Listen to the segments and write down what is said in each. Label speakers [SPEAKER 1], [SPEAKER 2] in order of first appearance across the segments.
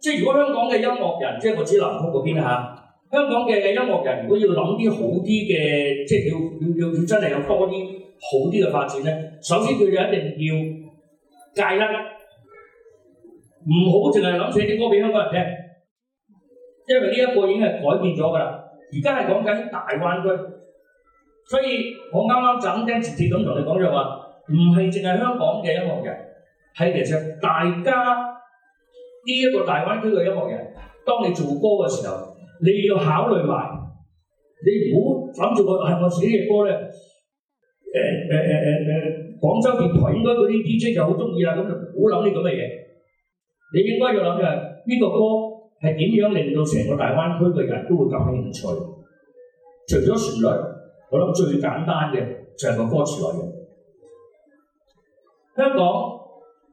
[SPEAKER 1] 即係如果香港嘅音樂人，即係我指南區嗰邊嚇。香港嘅音樂人如果要諗啲好啲嘅，即係要要要真係有多啲好啲嘅發展咧，首先佢就一定要戒甩，唔好淨係諗寫啲歌俾香港人聽，因為呢一個已經係改變咗㗎啦。而家係講緊大灣區，所以我啱啱就咁聽直接咁同你講就話，唔係淨係香港嘅音樂人，係其實大家。呢一個大灣區嘅音樂人，當你做歌嘅時候，你要考慮埋你唔好諗住我係我自己嘅歌咧。誒誒誒誒誒，廣州電台應該嗰啲 DJ 就好中意啦，咁就唔好諗啲咁嘅嘢。你應該要諗嘅係呢個歌係點樣令到成個大灣區嘅人都會感興趣？除咗旋律，我諗最簡單嘅就係個歌詞嚟。香港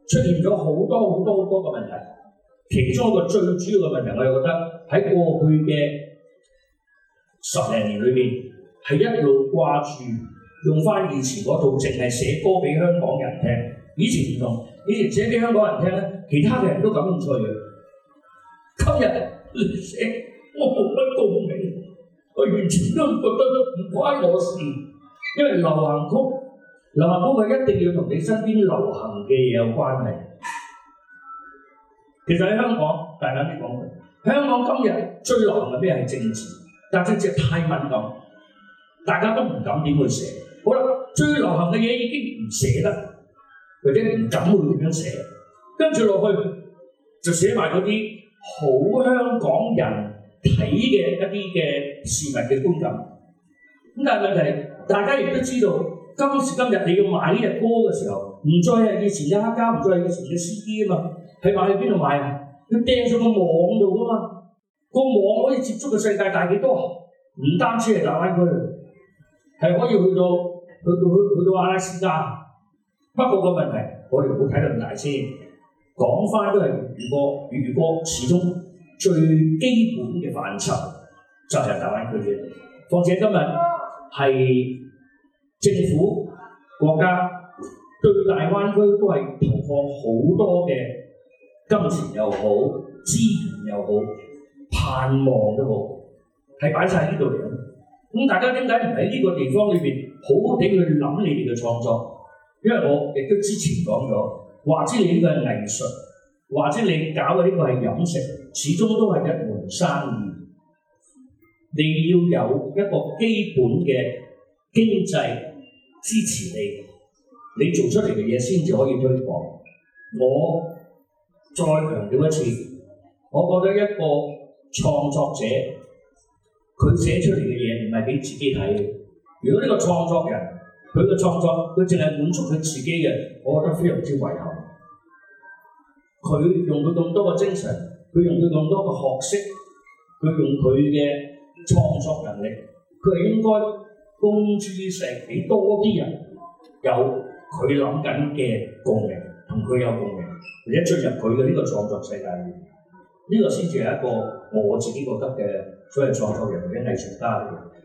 [SPEAKER 1] 出現咗好多好多好多嘅問題。其中一個最主要嘅問題，我又覺得喺過去嘅十零年裏面，係一路掛住用翻以前嗰套，淨係寫歌俾香港人聽。以前唔同，以前寫俾香港人聽咧，其他嘅人都感興趣。今日你寫我冇乜共鳴，我完全都不覺得都唔關我事，因為流行曲，流行曲係一定要同你身邊流行嘅嘢有關係。其實喺香港，大膽啲講，香港今日最流行嘅咩係政治，但係政治太敏感，大家都唔敢點去寫。好啦，最流行嘅嘢已經唔寫得，或者唔敢點樣寫。跟住落去就寫埋嗰啲好香港人睇嘅一啲嘅市民嘅觀感。咁但係問題，大家亦都知道，今時今日你要買呢隻歌嘅時候，唔再係以前嘅黑膠，唔再係以前嘅 CD 啊嘛。佢買去邊度買啊？佢掟上個網度噶嘛？個網可以接觸嘅世界大幾多？唔單止係大灣區，係可以去到，去到，去，到去到阿拉斯加。不過個問題，我哋冇睇到咁大先。講翻都係，如果如果始終最基本嘅範疇就係大灣區啫。況且今日係政府國家對大灣區都係投放好多嘅。金錢又好，資源又好，盼望都好，係擺晒喺呢度嚟嘅。咁大家點解唔喺呢個地方裏邊好好地去諗你哋嘅創作？因為我亦都之前講咗，或者你呢個係藝術，或者你搞嘅呢個係飲食，始終都係一門生意。你要有一個基本嘅經濟支持你，你做出嚟嘅嘢先至可以推廣。我再強調一次，我覺得一個創作者，佢寫出嚟嘅嘢唔係俾自己睇嘅。如果呢個創作人佢嘅創作佢淨係滿足佢自己嘅，我覺得非常之遺憾。佢用到咁多嘅精神，佢用到咁多嘅學識，佢用佢嘅創作能力，佢應該公諸於世俾多啲人有佢諗緊嘅共鳴，同佢有共鳴。你一進入佢嘅呢個創作世界裏，呢、這個先至係一個我自己覺得嘅所謂創作人或者藝術家嚟嘅。